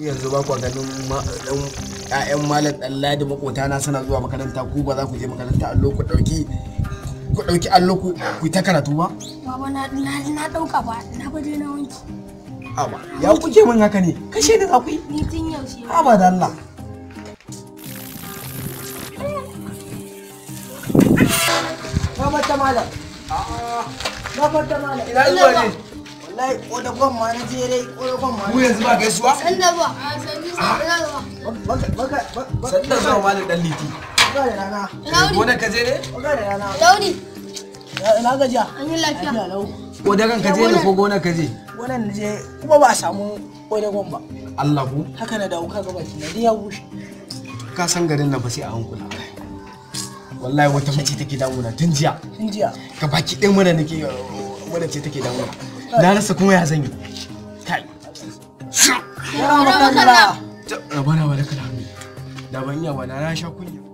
yanzu ba kwa ganin ƴaƴan malam ɗanladi na suna zuwa makaranta ku ba za ku je makaranta allo ku ɗauki ku ɗauki allo ku ku ta karatu ba? Baba na na ɗauka ba na ba je na wanki. Aba ya kuke min haka ne kashe ni akwai. Ni tun yaushe. Aba da Allah. Na mata malam. Ah. Na mata malam. Ina zuwa ne. wallahi kodagon ma na jere kodagon ma ku yanzu ba gaisuwa san da ba san da zuwa malam dan liti ba rana gona ka je ne ba da rana launi ina gajiya an yi lafiya kodagon ka je ne ko gona ka je gonan na je kuma ba a samu kodagon ba Allah ku haka na dawo kaga baki na ya bushe ka san garin na ba sai a hankula wallahi wata mace take damuna tun jiya tun jiya ka baki ɗin mana nake mana ce take damuna na rasa kuma ya zanyi kai ya rama kalla rabana wa da kalami da ban yawa na na sha kunya